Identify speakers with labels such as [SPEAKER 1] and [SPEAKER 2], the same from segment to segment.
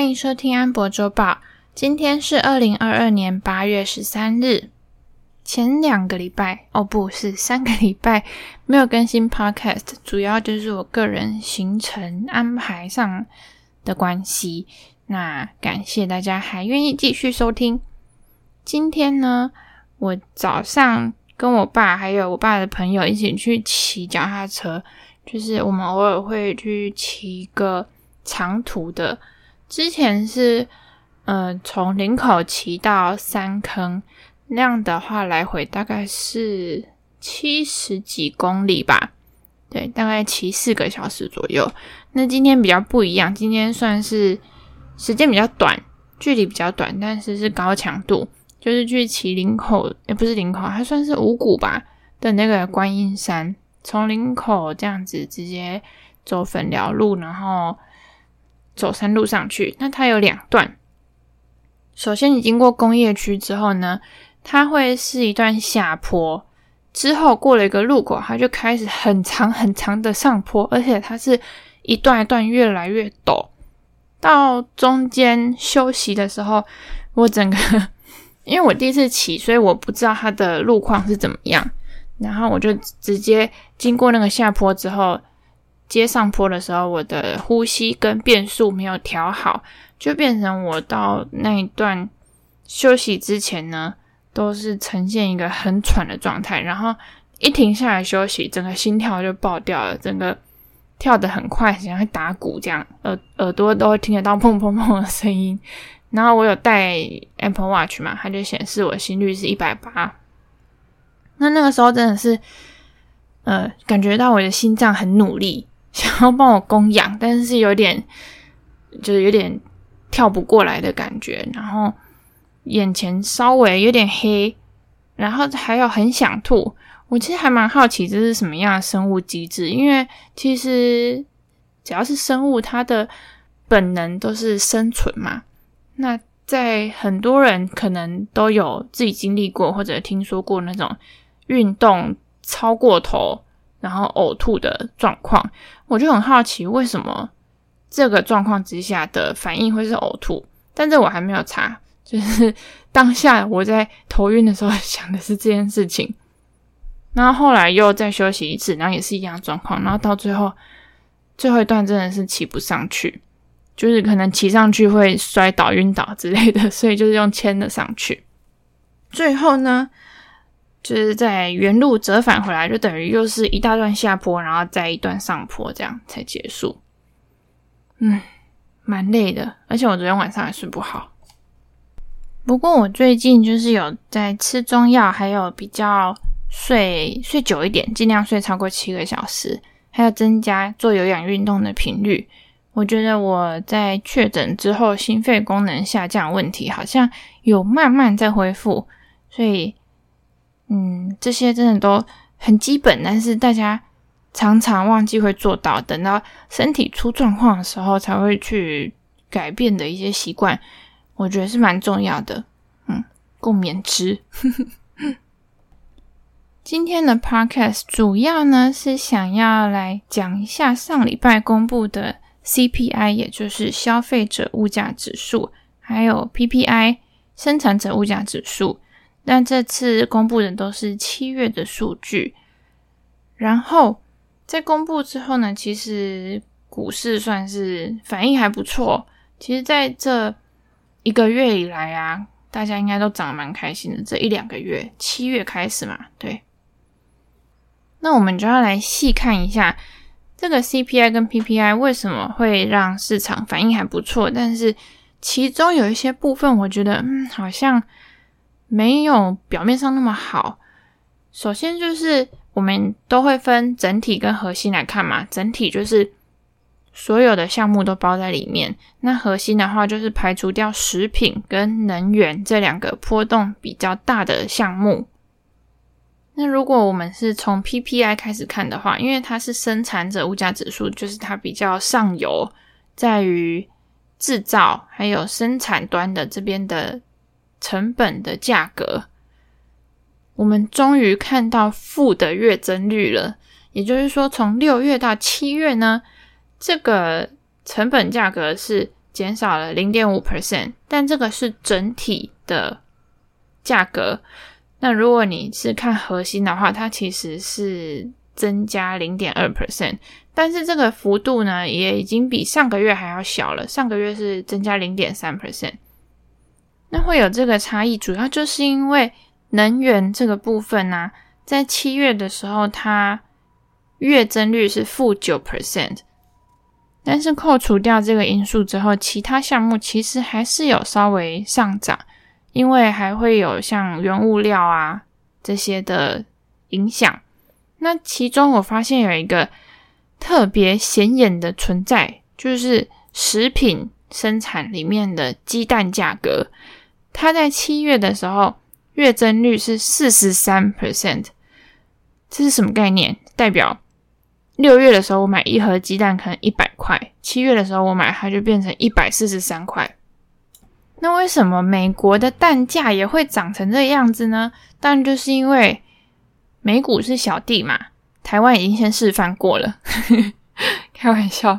[SPEAKER 1] 歡迎收聽安柏週報。今天是二零二二年八月十三日。前兩個禮拜，哦，不是三個禮拜，沒有更新 Podcast，主要就是我個人行程安排上的關係。那感謝大家還願意繼續收聽。今天呢，我早上跟我爸還有我爸的朋友一起去騎腳踏車，就是我們偶爾會去騎一個長途的。之前是，嗯、呃，從林口騎到三坑，那樣的話來回大概是七十幾公里吧，對，大概騎四個小時左右。那今天比較不一樣，今天算是時間比較短，距離比較短，但是是高強度，就是去騎林口，也、欸、不是林口，它算是五股吧的那個觀音山，從林口這樣子直接走粉寮路，然後。走山路上去，那它有兩段。首先你經過工業區之後呢，它會是一段下坡，之後過了一個路口，它就開始很長很長的上坡，而且它是一段一段越來越陡。到中間休息的時候，我整個，因為我第一次騎，所以我不知道它的路況是怎麼樣，然後我就直接經過那個下坡之後。接上坡的時候，我的呼吸跟變速沒有調好，就變成我到那一段休息之前呢，都是呈現一個很喘的狀態。然後一停下來休息，整個心跳就爆掉了，整個跳得很快，好像在打鼓這樣，耳耳朵都會聽得到砰砰砰的聲音。然後我有戴 Apple Watch 嘛，它就顯示我的心率是一百八。那那個時候真的是，呃，感覺到我的心臟很努力。想要幫我供養，但是有點就是有點跳不過來的感覺，然後眼前稍微有點黑，然後還有很想吐。我其實還蠻好奇這是什麼樣的生物機制，因為其實只要是生物，它的本能都是生存嘛。那在很多人可能都有自己經歷過或者聽說過那種運動超過頭。然後嘔吐的狀況，我就很好奇為什麼這個狀況之下的反應會是嘔吐，但這我還沒有查。就是當下我在頭暈的時候想的是這件事情，然後後來又再休息一次，然後也是一樣的狀況，然後到最後最後一段真的是騎不上去，就是可能騎上去會摔倒、暈倒之類的，所以就是用牽的上去。最後呢，就是在原路折返回來，就等於又是一大段下坡，然後再一段上坡，這樣才結束。嗯，蠻累的，而且我昨天晚上也睡不好。不過我最近就是有在吃中藥，還有比較睡，睡久一點，盡量睡超過七個小時，還要增加做有氧運動的頻率。我覺得我在確診之後，心肺功能下降的問題好像有慢慢在恢復，所以。嗯，這些真的都很基本，但是大家常常忘記會做到，等到身體出狀況的時候才會去改變的一些習慣，我覺得是蠻重要的。嗯，共勉之。 今天的 Podcast 主要呢，是想要來講一下上禮拜公布的 CPI，也就是消費者物價指數，還有 PPI，生產者物價指數。但這次公布的都是七月的數據，然後在公布之後呢，其實股市算是反應還不錯。其實在這一個月以來啊，大家應該都漲蠻開心的。這一兩個月，七月開始嘛，對。那我們就要來細看一下這個 CPI 跟 PPI 為什麼會讓市場反應還不錯，但是其中有一些部分，我覺得嗯好像。沒有表面上那麼好。首先就是我們都會分整體跟核心來看嘛。整體就是所有的項目都包在裡面。那核心的話就是排除掉食品跟能源這兩個波動比較大的項目。那如果我們是從 PPI 開始看的話，因為它是生產者物價指數，就是它比較上游，在於製造，還有生產端的這邊的。成本的價格，我們終於看到負的月增率了。也就是說，從六月到七月呢，這個成本價格是減少了零點五 percent。但這個是整體的價格。那如果你是看核心的話，它其實是增加零點二 percent。但是這個幅度呢，也已經比上個月還要小了。上個月是增加零點三 percent。那會有這個差異，主要就是因為能源這個部分呢啊，在七月的時候，它月增率是負九 percent，但是扣除掉這個因素之後，其他項目其實還是有稍微上漲，因為還會有像原物料啊這些的影響。那其中我發現有一個特別顯眼的存在，就是食品生產裡面的雞蛋價格。它在七月的時候，月增率是四十三 percent，這是什麼概念？代表六月的時候我買一盒雞蛋可能一百塊，七月的時候我買它就變成一百四十三塊。那為什麼美國的蛋價也會漲成這樣子呢？當然就是因為美股是小弟嘛，台灣已經先示範過了， 開玩笑。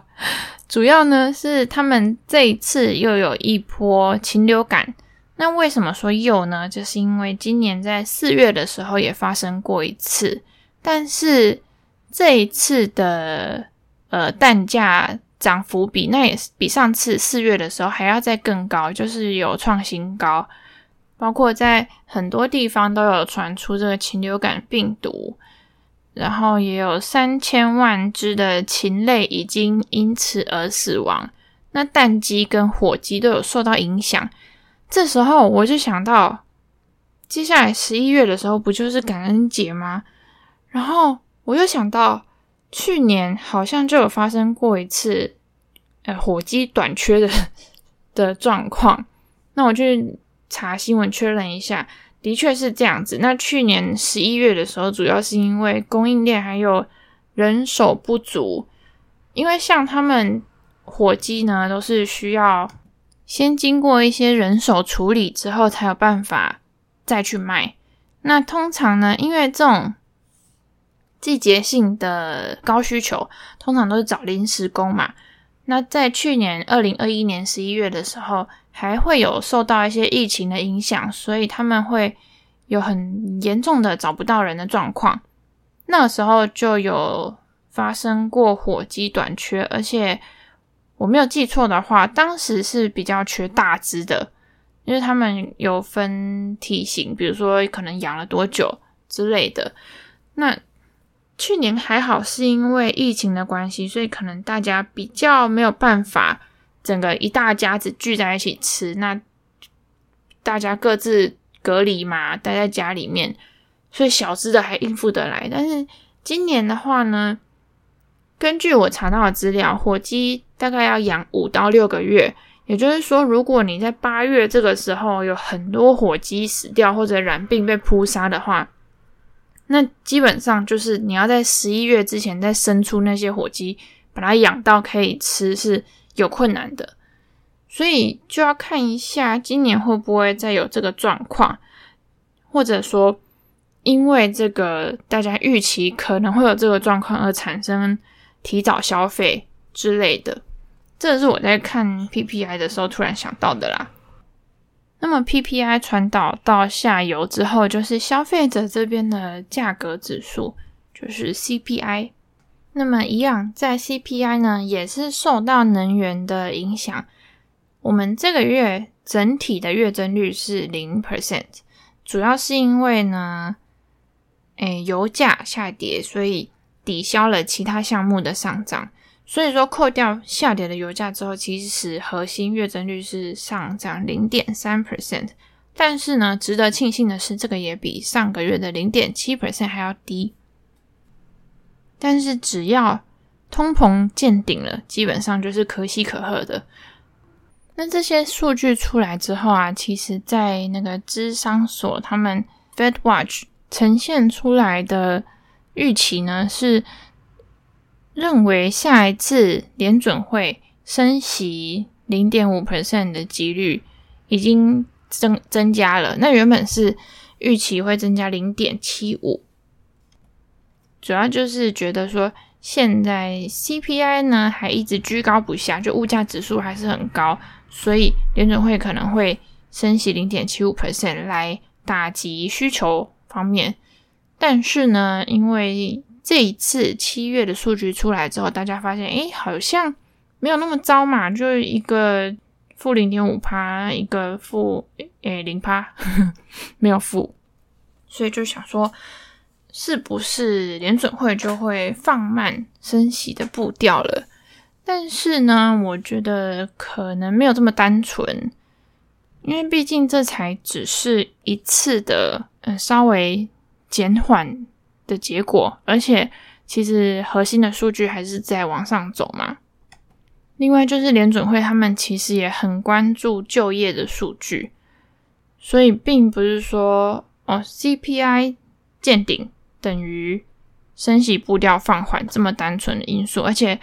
[SPEAKER 1] 主要呢是他們這一次又有一波禽流感。那為什麼說又呢？就是因為今年在四月的時候也發生過一次，但是這一次的呃蛋價漲幅比那也是比上次四月的時候還要再更高，就是有創新高。包括在很多地方都有傳出這個禽流感病毒，然後也有三千萬隻的禽類已經因此而死亡。那蛋雞跟火雞都有受到影響。這時候我就想到，接下來十一月的時候不就是感恩節嗎？然後我又想到，去年好像就有發生過一次，呃，火雞短缺的的狀況。那我去查新聞確認一下，的確是這樣子。那去年十一月的時候，主要是因為供應鏈還有人手不足，因為像他們火雞呢，都是需要。先經過一些人手處理之後，才有辦法再去賣。那通常呢，因為這種季節性的高需求，通常都是找臨時工嘛。那在去年二零二一年十一月的時候，還會有受到一些疫情的影響，所以他們會有很嚴重的找不到人的狀況。那時候就有發生過火雞短缺，而且。我沒有記錯的話，當時是比較缺大隻的，因為他們有分體型，比如說可能養了多久之類的。那去年還好，是因為疫情的關係，所以可能大家比較沒有辦法，整個一大家子聚在一起吃，那大家各自隔離嘛，待在家裡面，所以小隻的還應付得來。但是今年的話呢，根據我查到的資料，火雞。大概要養五到六個月，也就是說，如果你在八月這個時候有很多火雞死掉或者染病被撲殺的話，那基本上就是你要在十一月之前再生出那些火雞，把它養到可以吃是有困難的。所以就要看一下今年會不會再有這個狀況，或者說因為這個大家預期可能會有這個狀況而產生提早消費之類的。這是我在看 PPI 的時候突然想到的啦。那麼 PPI 傳導到下游之後，就是消費者這邊的價格指數，就是 CPI。那麼一樣，在 CPI 呢，也是受到能源的影響。我們這個月整體的月增率是零 percent，主要是因為呢，哎，油價下跌，所以抵消了其他項目的上漲。所以說，扣掉下跌的油價之後，其實核心月增率是上漲零點三 percent。但是呢，值得慶幸的是，這個也比上個月的零點七 percent 還要低。但是只要通膨見頂了，基本上就是可喜可賀的。那這些數據出來之後啊，其實，在那個芝商所他們 FedWatch 呈現出來的預期呢是。認為下一次聯準會升息零點五 percent 的幾率已經增增加了。那原本是預期會增加零點七五，主要就是覺得說現在 CPI 呢還一直居高不下，就物價指數還是很高，所以聯準會可能會升息零點七五 percent 來打擊需求方面。但是呢，因為這一次七月的數據出來之後，大家發現，哎，好像沒有那麼糟嘛，就一個負零點五趴，一個負誒零趴呵，沒有負，所以就想說，是不是聯準會就會放慢升息的步調了？但是呢，我覺得可能沒有這麼單純，因為畢竟這才只是一次的，嗯、呃，稍微減緩。的結果，而且其實核心的數據還是在往上走嘛。另外就是聯準會他們其實也很關注就業的數據，所以並不是說哦 CPI 見頂等於升息步調放緩，這麼單純的因素。而且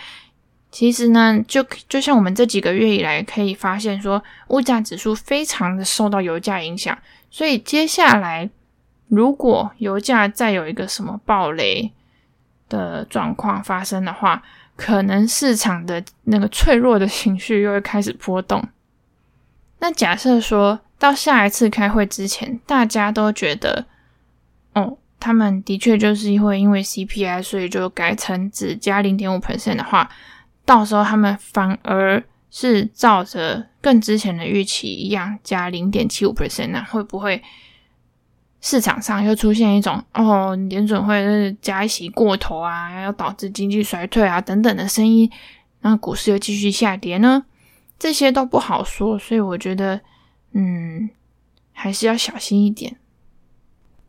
[SPEAKER 1] 其實呢，就就像我們這幾個月以來可以發現說物價指數非常的受到油價影響，所以接下來。如果油價再有一個什麼暴雷的狀況發生的話，可能市場的那個脆弱的情緒又會開始波動。那假設說到下一次開會之前，大家都覺得，哦，他們的確就是因為因為 CPI，所以就改成只加零點五 percent 的話，到時候他們反而是照着更之前的預期一樣加零點七五 percent，那會不會？市場上又出現一種哦，聯準會加息過頭啊，要導致經濟衰退啊等等的聲音，那股市又繼續下跌呢。這些都不好說，所以我覺得，嗯，還是要小心一點。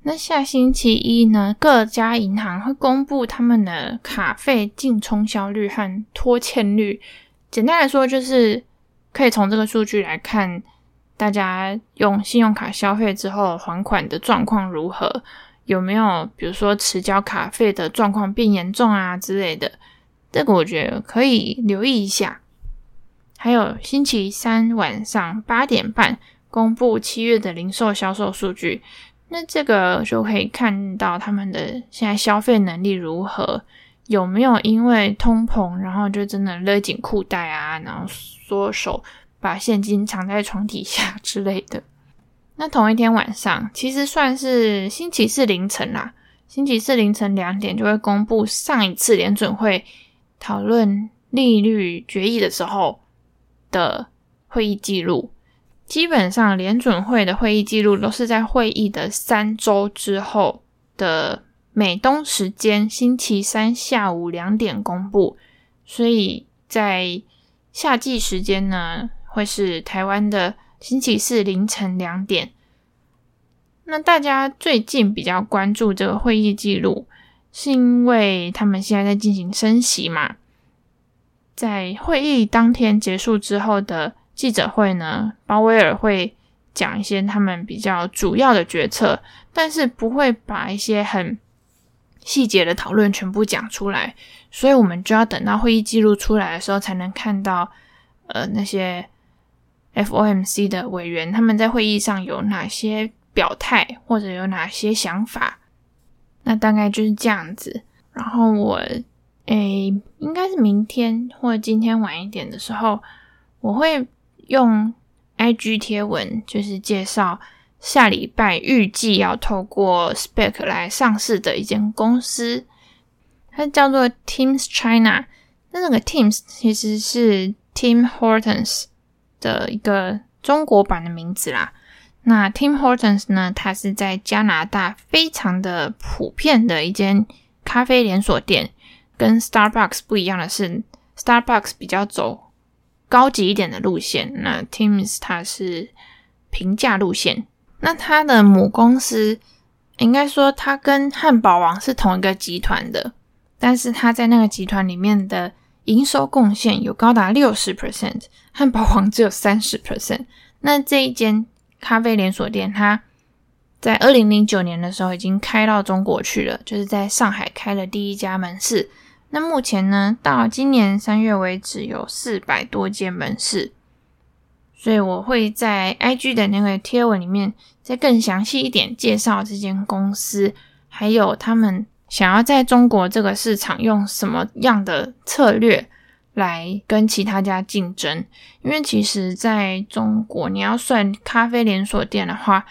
[SPEAKER 1] 那下星期一呢，各家銀行會公布他們的卡費淨沖銷率和拖欠率。簡單來說，就是可以從這個數據來看。大家用信用卡消費之後還款的狀況如何？有沒有比如說遲交卡費的狀況變嚴重啊之類的？這個我覺得可以留意一下。還有星期三晚上八點半公布七月的零售銷售數據，那這個就可以看到他們的現在消費能力如何，有沒有因為通膨然後就真的勒緊褲帶啊，然後縮手。把現金藏在床底下之類的。那同一天晚上，其實算是星期四凌晨啦。星期四凌晨兩點就會公布上一次聯準會討論利率決議的時候的會議記錄。基本上，聯準會的會議記錄都是在會議的三週之後的美東時間星期三下午兩點公布。所以在夏季時間呢，會是台灣的星期四凌晨兩點。那大家最近比較關注這個會議記錄，是因為他們現在在進行升息嘛？在會議當天結束之後的記者會呢，鮑威爾會講一些他們比較主要的決策，但是不會把一些很細節的討論全部講出來，所以我們就要等到會議記錄出來的時候，才能看到呃那些。FOMC 的委員他們在會議上有哪些表態或者有哪些想法？那大概就是這樣子。然後我誒，應該是明天或者今天晚一點的時候，我會用 IG 貼文，就是介紹下禮拜預計要透過 SPAC 來上市的一間公司，它叫做 Tims China。那那個 Tims 其實是 Tim Hortons。的一個中國版的名字啦。那 Tim Hortons 呢？它是在加拿大非常的普遍的一間咖啡連鎖店。跟 Starbucks 不一樣的是，Starbucks 比較走高級一點的路線，那 Tims 它是平價路線。那它的母公司應該說，它跟漢堡王是同一個集團的，但是它在那個集團裡面的。營收貢獻有高達六十 percent，漢堡王只有三十 percent。那這一間咖啡連鎖店，它在二零零九年的時候已經開到中國去了，就是在上海開了第一家門市。那目前呢，到今年三月為止，有四百多間門市。所以我會在 IG 的那個貼文裡面，再更詳細一點介紹這間公司，還有他們，想要在中國這個市場用什麼樣的策略來跟其他家競爭？因為其實在中國，你要算咖啡連鎖店的話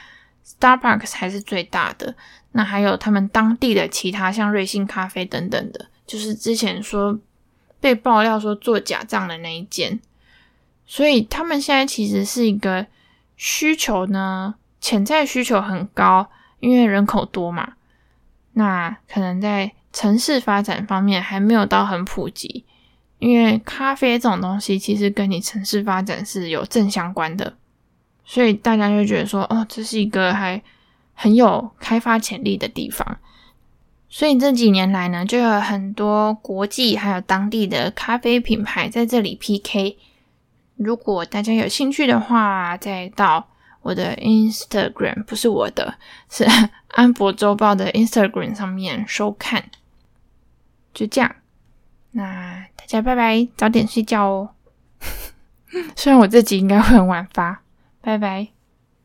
[SPEAKER 1] ，Starbucks 還是最大的。那還有他們當地的其他，像瑞幸咖啡等等的，就是之前說被爆料說做假賬的那一件。所以他們現在其實是一個需求呢，潛在需求很高，因為人口多嘛。那可能在城市發展方面還沒有到很普及，因為咖啡這種東西其實跟你城市發展是有正相關的，所以大家就覺得說，哦，這是一個還很有開發潛力的地方。所以這幾年來呢，就有很多國際還有當地的咖啡品牌在這裡 PK。如果大家有興趣的話，再到我的 Instagram，不是我的，是。《安柏週報》的 Instagram 上面收看，就這樣。那大家拜拜，早點睡覺哦。 雖然我這集應該會很晚發，拜拜。